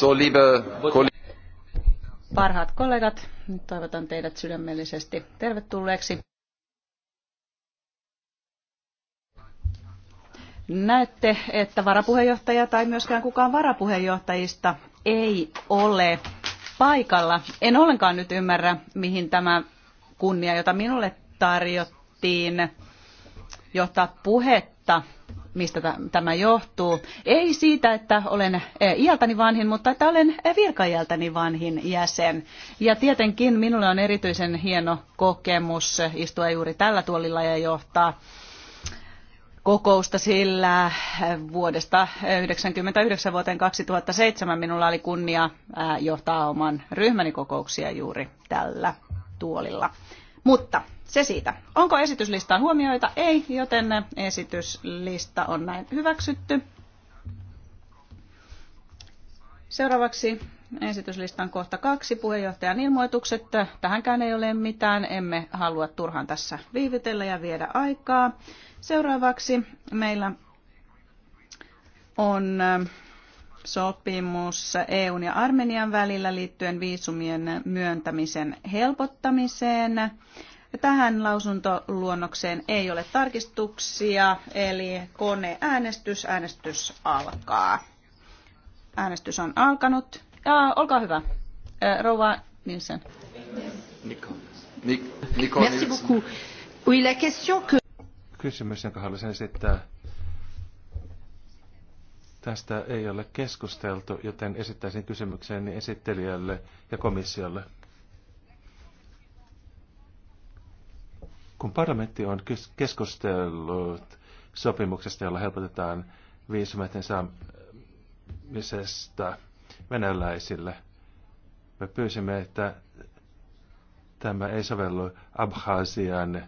So, liebe Parhaat kollegat, nyt toivotan teidät sydämellisesti tervetulleeksi. Näette, että varapuheenjohtaja tai myöskään kukaan varapuheenjohtajista ei ole paikalla. En ollenkaan nyt ymmärrä, mihin tämä kunnia, jota minulle tarjottiin, johtaa puhetta mistä tämä johtuu. Ei siitä, että olen e, iältäni vanhin, mutta että olen virkaiältäni vanhin jäsen. Ja tietenkin minulle on erityisen hieno kokemus istua juuri tällä tuolilla ja johtaa kokousta, sillä vuodesta 1999 vuoteen 2007 minulla oli kunnia johtaa oman ryhmäni kokouksia juuri tällä tuolilla. Mutta se siitä. Onko esityslistaan huomioita? Ei, joten esityslista on näin hyväksytty. Seuraavaksi esityslistan kohta kaksi, puheenjohtajan ilmoitukset. Tähänkään ei ole mitään, emme halua turhaan tässä viivytellä ja viedä aikaa. Seuraavaksi meillä on sopimus EUn ja Armenian välillä liittyen viisumien myöntämisen helpottamiseen. Tähän lausuntoluonnokseen ei ole tarkistuksia, eli koneäänestys, äänestys alkaa. Äänestys on alkanut. Ja, olkaa hyvä, rouva Nielsen. Merci beaucoup. Oui, la question que... Kysymys, jonka haluaisin esittää Tästä ei ole keskusteltu, joten esittäisin kysymyksen esittelijälle ja komissiolle. Kun parlamentti on keskustellut sopimuksesta, jolla helpotetaan viisumeiden saamisesta venäläisille, me pyysimme, että tämä ei sovellu Abhaasian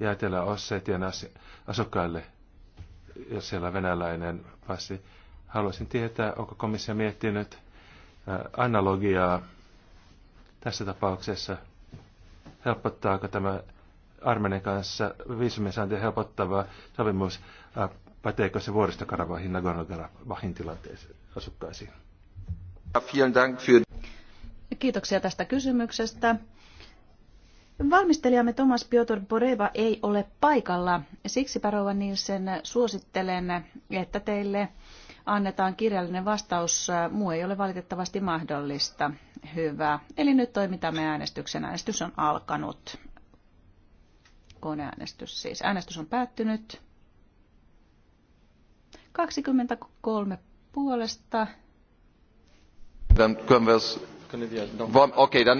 ja Etelä-Ossetian asukkaille – jos siellä on venäläinen passi. Haluaisin tietää, onko komissio miettinyt analogiaa tässä tapauksessa. Helpottaako tämä Armenian kanssa viisumisaantia helpottava sopimus, päteekö se vuoristokarabahin Nagorno-Karabahin tilanteeseen asukkaisiin? Kiitoksia tästä kysymyksestä. Valmistelijamme Tomas Piotr Boreva ei ole paikalla. Siksi Parova Nielsen suosittelen, että teille annetaan kirjallinen vastaus. Muu ei ole valitettavasti mahdollista. Hyvä. Eli nyt toimitamme äänestyksen. Äänestys on alkanut. Koneäänestys siis. Äänestys on päättynyt. 23 puolesta. Dann können wir es. okay, dann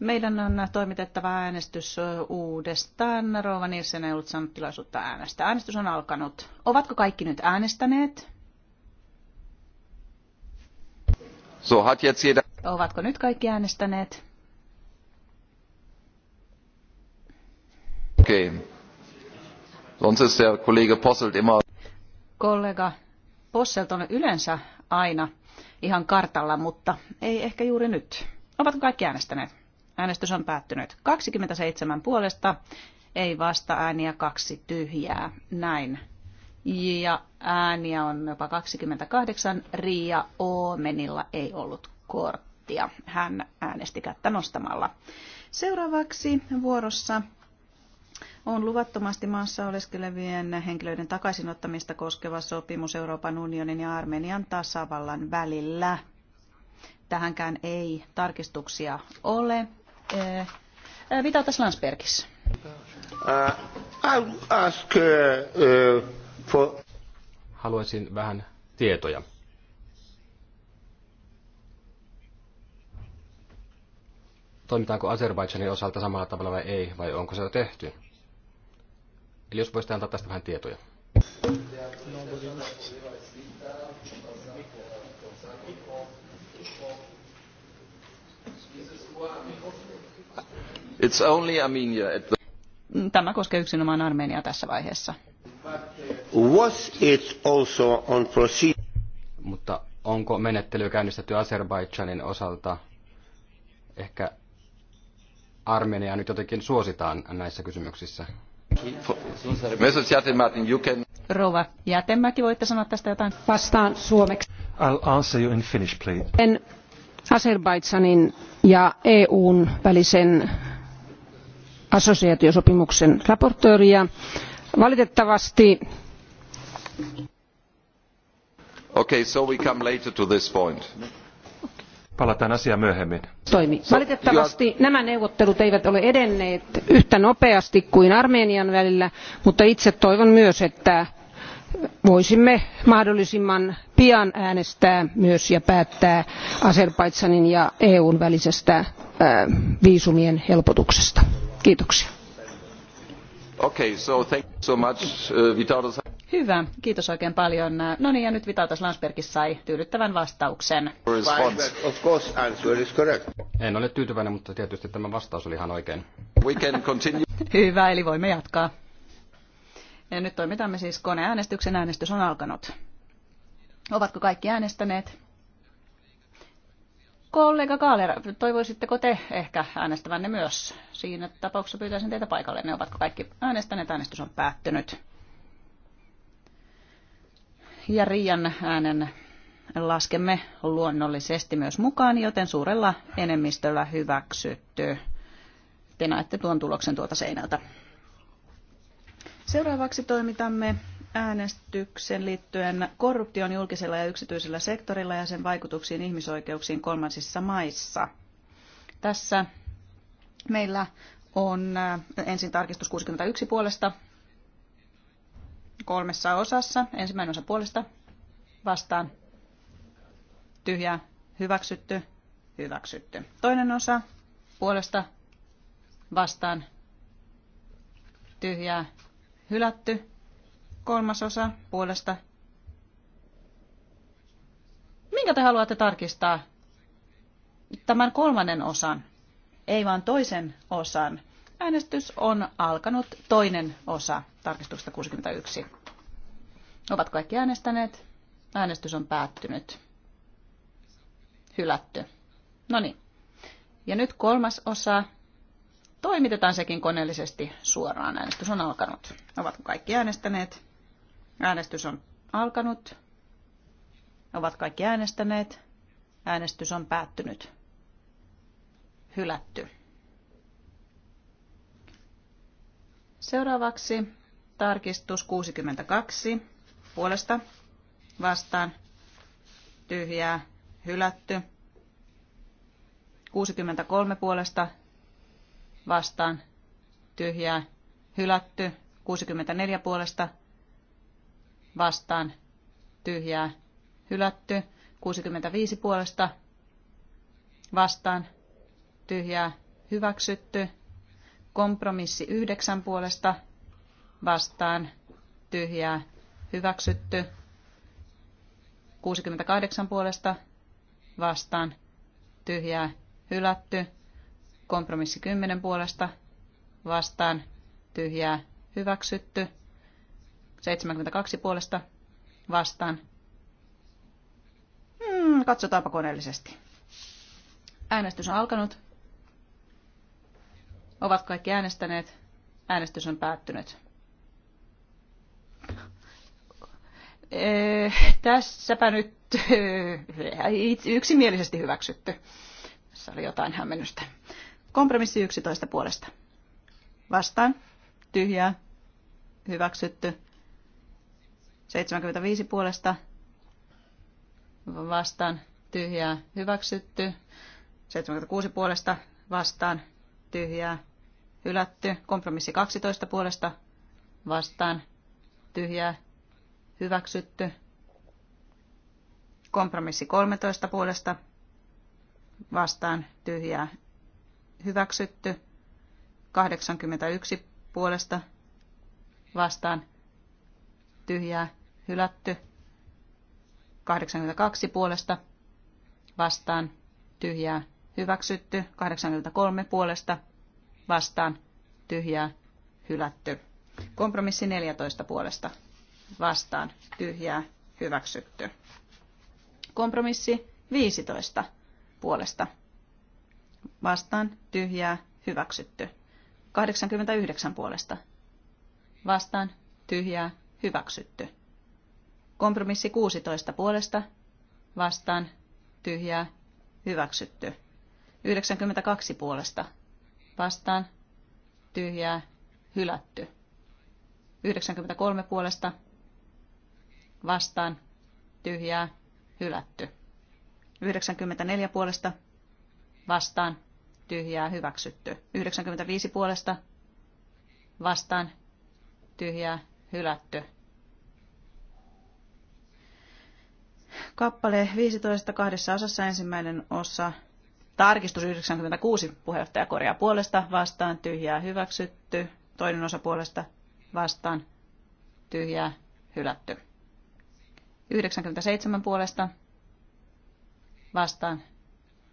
meidän on toimitettava äänestys uudestaan. Rova Nielsen ei ollut saanut tilaisuutta äänestää. Äänestys on alkanut. Ovatko kaikki nyt äänestäneet? So hat jetzt jeder... Ovatko nyt kaikki äänestäneet? Okei. Okay. Sonst ist der Kollege Posselt immer... Kollega Posselt on yleensä aina ihan kartalla, mutta ei ehkä juuri nyt. Ovatko kaikki äänestäneet? Äänestys on päättynyt. 27 puolesta, ei vasta ääniä, kaksi tyhjää. Näin. Ja ääniä on jopa 28. Riia Oomenilla ei ollut korttia. Hän äänesti kättä nostamalla. Seuraavaksi vuorossa on luvattomasti maassa oleskelevien henkilöiden takaisinottamista koskeva sopimus Euroopan unionin ja Armenian tasavallan välillä. Tähänkään ei tarkistuksia ole. Mitä eh, eh, tässä Landsbergissä? Uh, ask, uh, uh, for... Haluaisin vähän tietoja. Toimitaanko Azerbaidžanin osalta samalla tavalla vai ei, vai onko se jo tehty? Eli jos voisitte antaa tästä vähän tietoja. It's only Armenia at the... Tämä koskee yksinomaan Armeniaa tässä vaiheessa. Was it also on Mutta onko menettely käynnistetty Azerbaidžanin osalta? Ehkä Armeniaa nyt jotenkin suositaan näissä kysymyksissä. Rouva Jätemäki, voitte sanoa tästä jotain? Vastaan suomeksi. I'll answer you in Finnish, please. En Azerbaidsanin ja EUn välisen assosiaatiosopimuksen esittelijä. valitettavasti okay, so we come later to this point. Palataan asiaan myöhemmin. Toimi. Valitettavasti nämä neuvottelut eivät ole edenneet yhtä nopeasti kuin Armenian välillä, mutta itse toivon myös, että voisimme mahdollisimman pian äänestää myös ja päättää Azerbaidsanin ja EUn välisestä viisumien helpotuksesta. Kiitoksia. Okay, so thank you so much, uh, Vitalis. Hyvä, kiitos oikein paljon. No niin, ja nyt Vitautas Landsbergis sai tyydyttävän vastauksen. Of course is En ole tyytyväinen, mutta tietysti tämä vastaus oli ihan oikein. We can continue. Hyvä, eli voimme jatkaa. Ja nyt toimitamme siis koneäänestyksen. Äänestys on alkanut. Ovatko kaikki äänestäneet? Kollega Kaalera, toivoisitteko te ehkä äänestävänne myös? Siinä tapauksessa pyytäisin teitä paikalle. Ne ovatko kaikki äänestäneet? Äänestys on päättynyt. Ja Riian äänen laskemme luonnollisesti myös mukaan, joten suurella enemmistöllä hyväksytty. Te näette tuon tuloksen tuolta seinältä. Seuraavaksi toimitamme äänestyksen liittyen korruption julkisella ja yksityisellä sektorilla ja sen vaikutuksiin ihmisoikeuksiin kolmansissa maissa. Tässä meillä on äh, ensin tarkistus 61 puolesta kolmessa osassa. Ensimmäinen osa puolesta vastaan tyhjä hyväksytty, hyväksytty. Toinen osa puolesta vastaan tyhjää hylätty, kolmasosa puolesta. Minkä te haluatte tarkistaa? Tämän kolmannen osan, ei vaan toisen osan. Äänestys on alkanut toinen osa tarkistusta 61. Ovat kaikki äänestäneet. Äänestys on päättynyt. Hylätty. No niin. Ja nyt kolmas osa. Toimitetaan sekin koneellisesti suoraan. Äänestys on alkanut. Ovatko kaikki äänestäneet? Äänestys on alkanut. Ovat kaikki äänestäneet. Äänestys on päättynyt. Hylätty. Seuraavaksi tarkistus 62 puolesta vastaan tyhjää hylätty. 63 puolesta vastaan tyhjää hylätty. 64 puolesta vastaan tyhjää hylätty. 65 puolesta vastaan tyhjää hyväksytty. Kompromissi 9 puolesta vastaan tyhjää hyväksytty. 68 puolesta vastaan tyhjää hylätty. Kompromissi 10 puolesta vastaan tyhjää hyväksytty. 72 puolesta vastaan. Hmm, katsotaanpa koneellisesti. Äänestys on alkanut. Ovat kaikki äänestäneet. Äänestys on päättynyt. Ee, eh, tässäpä nyt eh, yksimielisesti hyväksytty. Tässä oli jotain hämmennystä. Kompromissi 11 puolesta. Vastaan. Tyhjää. Hyväksytty. 75 puolesta vastaan tyhjää hyväksytty. 76 puolesta vastaan tyhjää hylätty. Kompromissi 12 puolesta vastaan tyhjää hyväksytty. Kompromissi 13 puolesta vastaan tyhjää hyväksytty. 81 puolesta vastaan tyhjää hylätty. 82 puolesta vastaan tyhjää hyväksytty. 83 puolesta vastaan tyhjää hylätty. Kompromissi 14 puolesta vastaan tyhjää hyväksytty. Kompromissi 15 puolesta vastaan tyhjää hyväksytty. 89 puolesta vastaan tyhjää hyväksytty. Kompromissi 16 puolesta vastaan tyhjää hyväksytty. 92 puolesta vastaan tyhjää hylätty. 93 puolesta vastaan tyhjää hylätty. 94 puolesta vastaan tyhjää hyväksytty. 95 puolesta vastaan tyhjää hylätty. Kappale 15 kahdessa osassa ensimmäinen osa. Tarkistus 96 puheenjohtaja korjaa puolesta vastaan tyhjää hyväksytty. Toinen osa puolesta vastaan tyhjää hylätty. 97 puolesta vastaan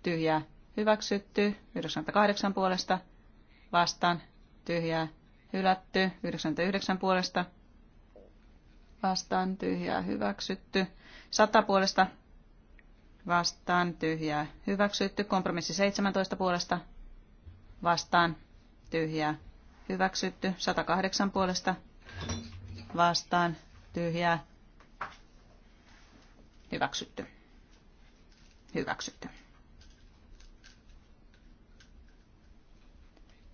tyhjää hyväksytty. 98 puolesta vastaan tyhjää hylätty. 99 puolesta vastaan tyhjää hyväksytty. Sata puolesta vastaan tyhjää hyväksytty. Kompromissi 17 puolesta vastaan tyhjää hyväksytty. 108 puolesta vastaan tyhjää hyväksytty. Hyväksytty.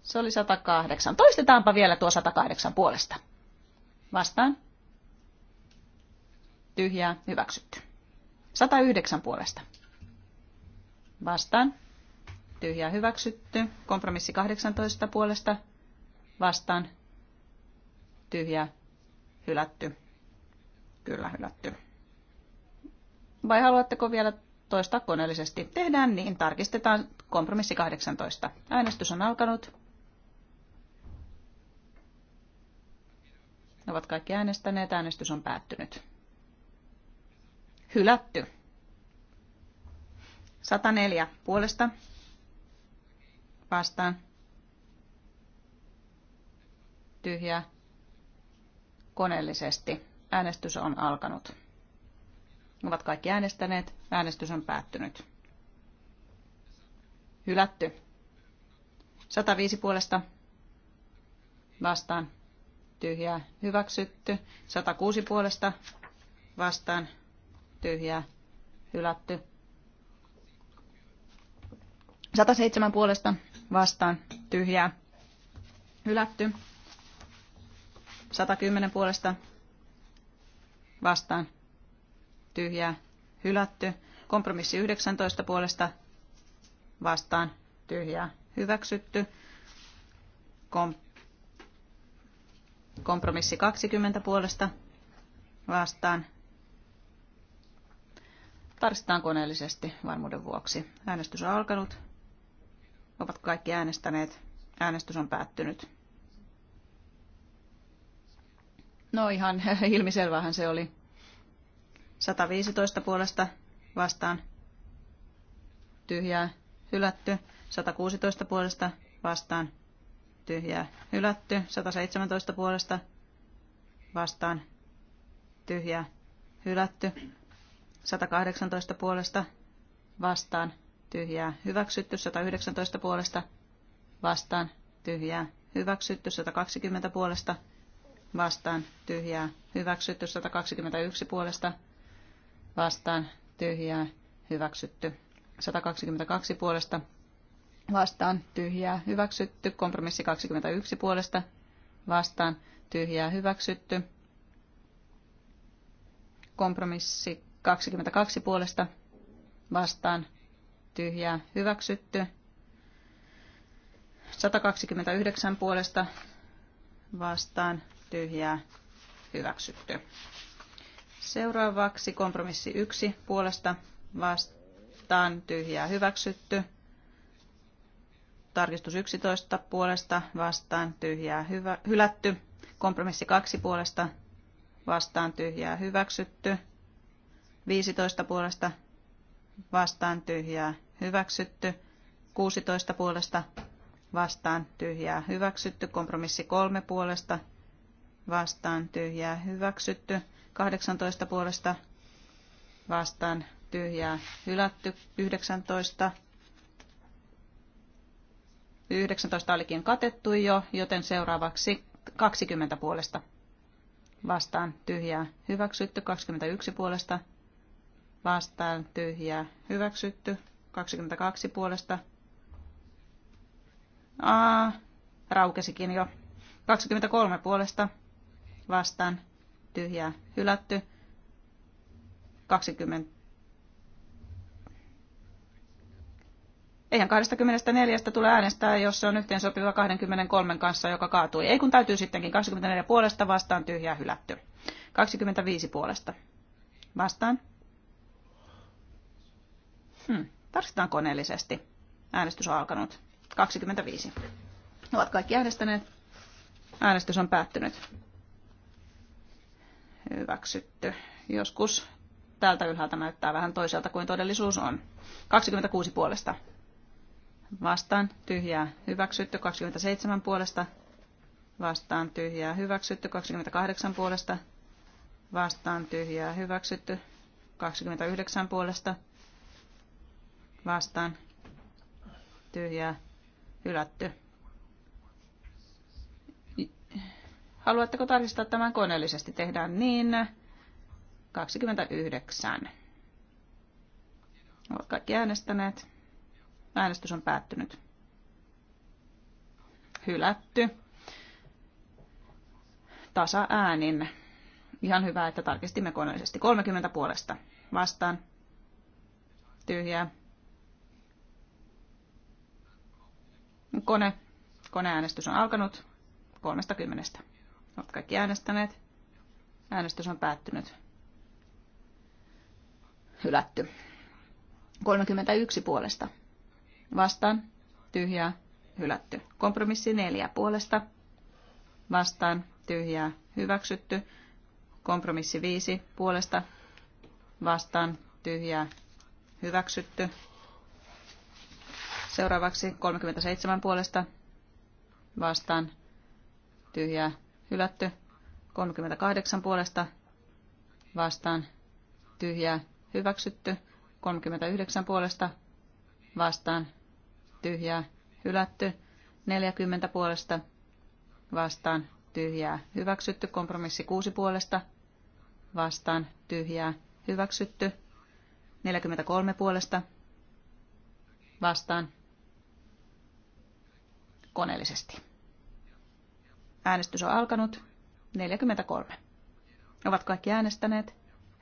Se oli 108. Toistetaanpa vielä tuo 108 puolesta. Vastaan tyhjää, hyväksytty. 109 puolesta. Vastaan, tyhjää, hyväksytty. Kompromissi 18 puolesta. Vastaan, tyhjää, hylätty. Kyllä, hylätty. Vai haluatteko vielä toistaa koneellisesti? Tehdään niin, tarkistetaan kompromissi 18. Äänestys on alkanut. Ne ovat kaikki äänestäneet, äänestys on päättynyt. Hylätty. 104 puolesta. Vastaan. tyhjä. Koneellisesti. Äänestys on alkanut. Ovat kaikki äänestäneet. Äänestys on päättynyt. Hylätty. 105 puolesta. Vastaan. Tyhjää. Hyväksytty. 106 puolesta. Vastaan tyhjää hylätty. 107 puolesta vastaan tyhjää hylätty. 110 puolesta vastaan tyhjää hylätty. Kompromissi 19 puolesta vastaan tyhjää hyväksytty. Kom- kompromissi 20 puolesta vastaan Tarkistetaan koneellisesti varmuuden vuoksi. Äänestys on alkanut. Ovat kaikki äänestäneet. Äänestys on päättynyt. No ihan ilmiselvähän se oli. 115 puolesta vastaan. Tyhjää hylätty. 116 puolesta vastaan. Tyhjää hylätty. 117 puolesta vastaan. Tyhjää hylätty. 118 puolesta vastaan tyhjää hyväksytty, 119 puolesta vastaan tyhjää hyväksytty, 120 puolesta vastaan tyhjää hyväksytty, 121 puolesta vastaan tyhjää hyväksytty, 122 puolesta vastaan tyhjää hyväksytty, kompromissi 21 puolesta vastaan tyhjää hyväksytty, kompromissi 22 puolesta vastaan tyhjää hyväksytty. 129 puolesta vastaan tyhjää hyväksytty. Seuraavaksi kompromissi 1 puolesta vastaan tyhjää hyväksytty. Tarkistus 11 puolesta vastaan tyhjää hyvä, hylätty. Kompromissi 2 puolesta vastaan tyhjää hyväksytty. 15 puolesta vastaan tyhjää hyväksytty. 16 puolesta vastaan tyhjää hyväksytty. Kompromissi 3 puolesta vastaan tyhjää hyväksytty. 18 puolesta vastaan tyhjää hylätty. 19 19 olikin katettu jo, joten seuraavaksi 20 puolesta vastaan tyhjää hyväksytty, 21 puolesta vastaan tyhjää hyväksytty. 22 puolesta. A, raukesikin jo. 23 puolesta vastaan tyhjää hylätty. 20. Eihän 24 tule äänestää, jos se on yhteen sopiva 23 kanssa, joka kaatui. Ei kun täytyy sittenkin 24 puolesta vastaan tyhjää hylätty. 25 puolesta vastaan Hmm. Tarkistetaan koneellisesti. Äänestys on alkanut. 25. Ovat kaikki äänestäneet. Äänestys on päättynyt. Hyväksytty. Joskus täältä ylhäältä näyttää vähän toiselta kuin todellisuus on. 26 puolesta. Vastaan tyhjää hyväksytty. 27 puolesta. Vastaan tyhjää hyväksytty. 28 puolesta. Vastaan tyhjää hyväksytty. 29 puolesta vastaan tyhjää hylätty. Haluatteko tarkistaa tämän koneellisesti? Tehdään niin. 29. Ovat kaikki äänestäneet. Äänestys on päättynyt. Hylätty. Tasa äänin. Ihan hyvä, että tarkistimme koneellisesti. 30 puolesta. Vastaan. Tyhjää kone. Koneäänestys on alkanut 30. Olet kaikki äänestäneet. Äänestys on päättynyt. Hylätty. 31 puolesta. Vastaan. Tyhjää. Hylätty. Kompromissi 4 puolesta. Vastaan. Tyhjää. Hyväksytty. Kompromissi 5 puolesta. Vastaan. Tyhjää. Hyväksytty. Seuraavaksi 37 puolesta vastaan tyhjää hylätty. 38 puolesta vastaan tyhjää hyväksytty. 39 puolesta vastaan tyhjää hylätty. 40 puolesta vastaan tyhjää hyväksytty. Kompromissi 6 puolesta vastaan tyhjää hyväksytty. 43 puolesta vastaan koneellisesti. Äänestys on alkanut. 43. Ovat kaikki äänestäneet.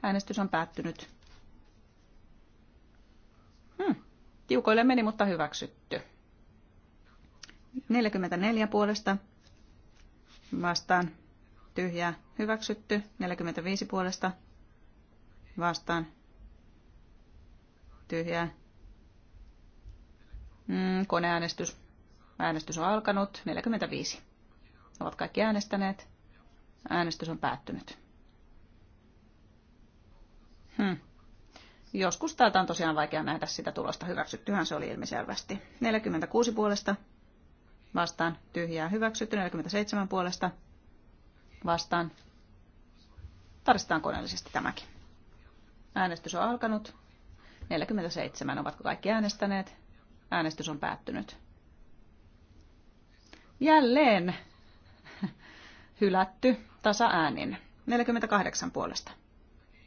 Äänestys on päättynyt. Hmm. Tiukoille meni, mutta hyväksytty. 44 puolesta vastaan tyhjää hyväksytty. 45 puolesta vastaan tyhjää. Mm, koneäänestys. Äänestys on alkanut. 45. Ovat kaikki äänestäneet. Äänestys on päättynyt. Hmm. Joskus täältä on tosiaan vaikea nähdä sitä tulosta. Hyväksyttyhän se oli ilmiselvästi. 46 puolesta vastaan tyhjää hyväksytty. 47 puolesta vastaan. Tarvitaan koneellisesti tämäkin. Äänestys on alkanut. 47. Ovatko kaikki äänestäneet? Äänestys on päättynyt jälleen hylätty tasaäänin. 48 puolesta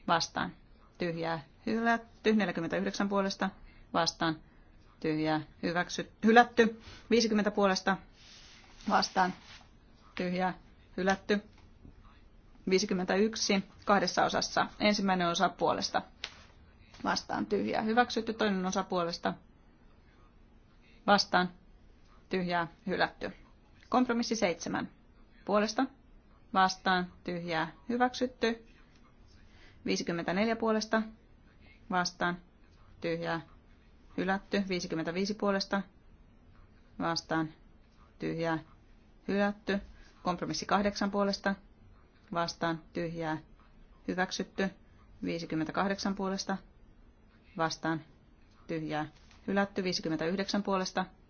vastaan. Tyhjää hylätty. 49 puolesta vastaan. Tyhjää hyväksy, hylätty. 50 puolesta vastaan. Tyhjää hylätty. 51 kahdessa osassa. Ensimmäinen osa puolesta vastaan tyhjää hyväksytty. Toinen osa puolesta vastaan tyhjää hylätty. Kompromissi seitsemän Puolesta vastaan tyhjää hyväksytty. 54 puolesta vastaan tyhjää hylätty. 55 puolesta vastaan tyhjää hylätty. Kompromissi kahdeksan puolesta vastaan tyhjää hyväksytty. 58 puolesta vastaan tyhjää hylätty. 59 puolesta vastaan,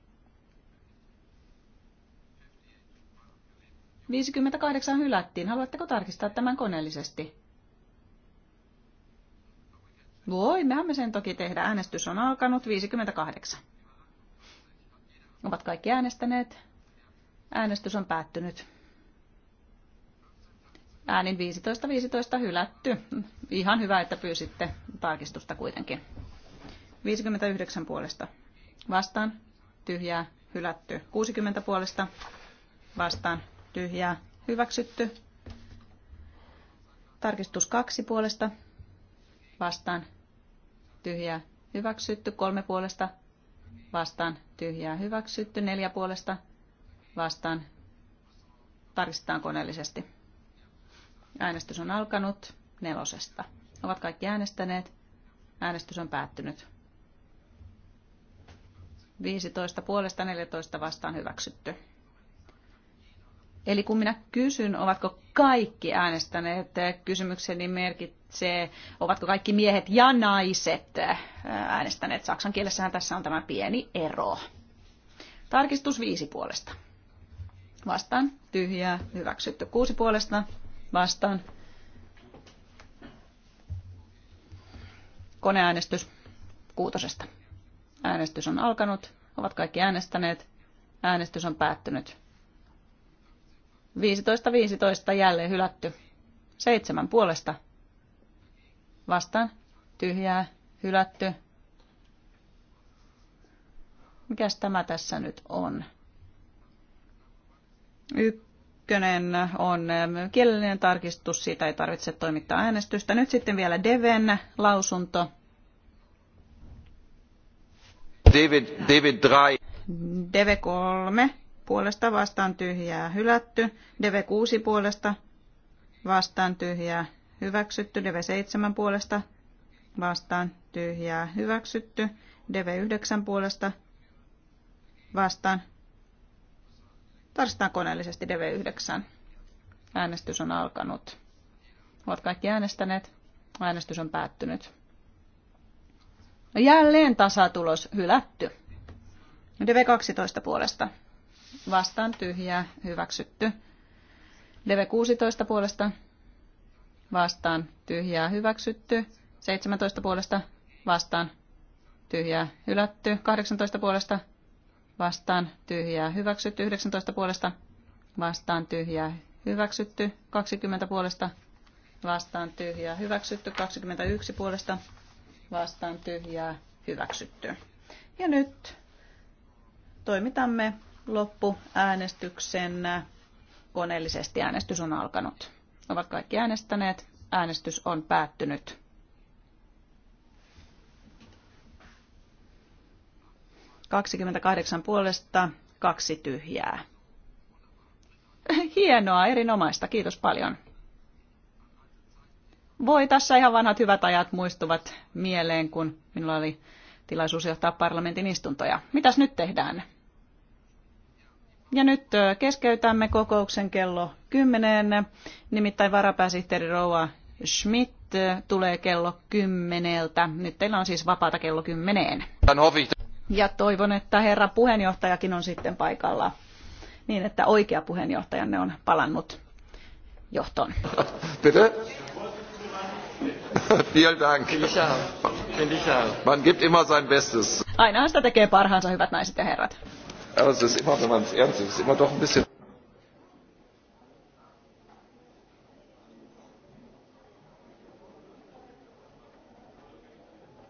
58 hylättiin. Haluatteko tarkistaa tämän koneellisesti? Voi, mehän me sen toki tehdä. Äänestys on alkanut 58. Ovat kaikki äänestäneet. Äänestys on päättynyt. Äänin 15-15 hylätty. Ihan hyvä, että pyysitte tarkistusta kuitenkin. 59 puolesta. Vastaan. Tyhjää. Hylätty. 60 puolesta. Vastaan tyhjää hyväksytty. Tarkistus kaksi puolesta vastaan tyhjää hyväksytty. Kolme puolesta vastaan tyhjää hyväksytty. Neljä puolesta vastaan tarkistetaan koneellisesti. Äänestys on alkanut nelosesta. Ovat kaikki äänestäneet. Äänestys on päättynyt. 15 puolesta 14 vastaan hyväksytty. Eli kun minä kysyn, ovatko kaikki äänestäneet, kysymykseni merkitsee, ovatko kaikki miehet ja naiset äänestäneet. Saksan kielessähän tässä on tämä pieni ero. Tarkistus viisi puolesta. Vastaan. Tyhjää. Hyväksytty. Kuusi puolesta. Vastaan. Koneäänestys kuutosesta. Äänestys on alkanut. Ovat kaikki äänestäneet. Äänestys on päättynyt. 15-15 jälleen hylätty. Seitsemän puolesta. Vastaan. Tyhjää. Hylätty. Mikäs tämä tässä nyt on? Ykkönen on ähm, kielellinen tarkistus, siitä ei tarvitse toimittaa äänestystä. Nyt sitten vielä Deven lausunto. David, David 3. Deve 3 puolesta vastaan tyhjää hylätty, Deve 6 puolesta vastaan tyhjää hyväksytty, Deve 7 puolesta vastaan tyhjää hyväksytty, Deve 9 puolesta vastaan. Tarvitaan koneellisesti DV9. Äänestys on alkanut. Ovat kaikki äänestäneet. Äänestys on päättynyt. Jälleen tasatulos hylätty. DV12 puolesta vastaan tyhjää hyväksytty. Deve 16 puolesta vastaan tyhjää hyväksytty. 17 puolesta vastaan tyhjää hylätty. 18 puolesta vastaan tyhjää hyväksytty. 19 puolesta vastaan tyhjää hyväksytty. 20 puolesta vastaan tyhjää hyväksytty. 21 puolesta vastaan tyhjää hyväksytty. Ja nyt toimitamme loppuäänestyksen koneellisesti. Äänestys on alkanut. Ovat kaikki äänestäneet. Äänestys on päättynyt. Kaksikymmentäkahdeksan puolesta, kaksi tyhjää. Hienoa, erinomaista. Kiitos paljon. Voi, tässä ihan vanhat hyvät ajat muistuvat mieleen, kun minulla oli tilaisuus johtaa parlamentin istuntoja. Mitäs nyt tehdään? Ja nyt keskeytämme kokouksen kello 10. Nimittäin varapääsihteeri Rouva Schmidt tulee kello 10. Nyt teillä on siis vapaata kello 10. Ja toivon, että herra puheenjohtajakin on sitten paikalla niin, että oikea puheenjohtajanne on palannut johtoon. Bitte? Vielen Dank. Man gibt immer sein Bestes. Ainahan sitä tekee parhaansa, hyvät naiset ja herrat aber es ist immer, wenn man es ernst nimmt, ist immer doch ein bisschen.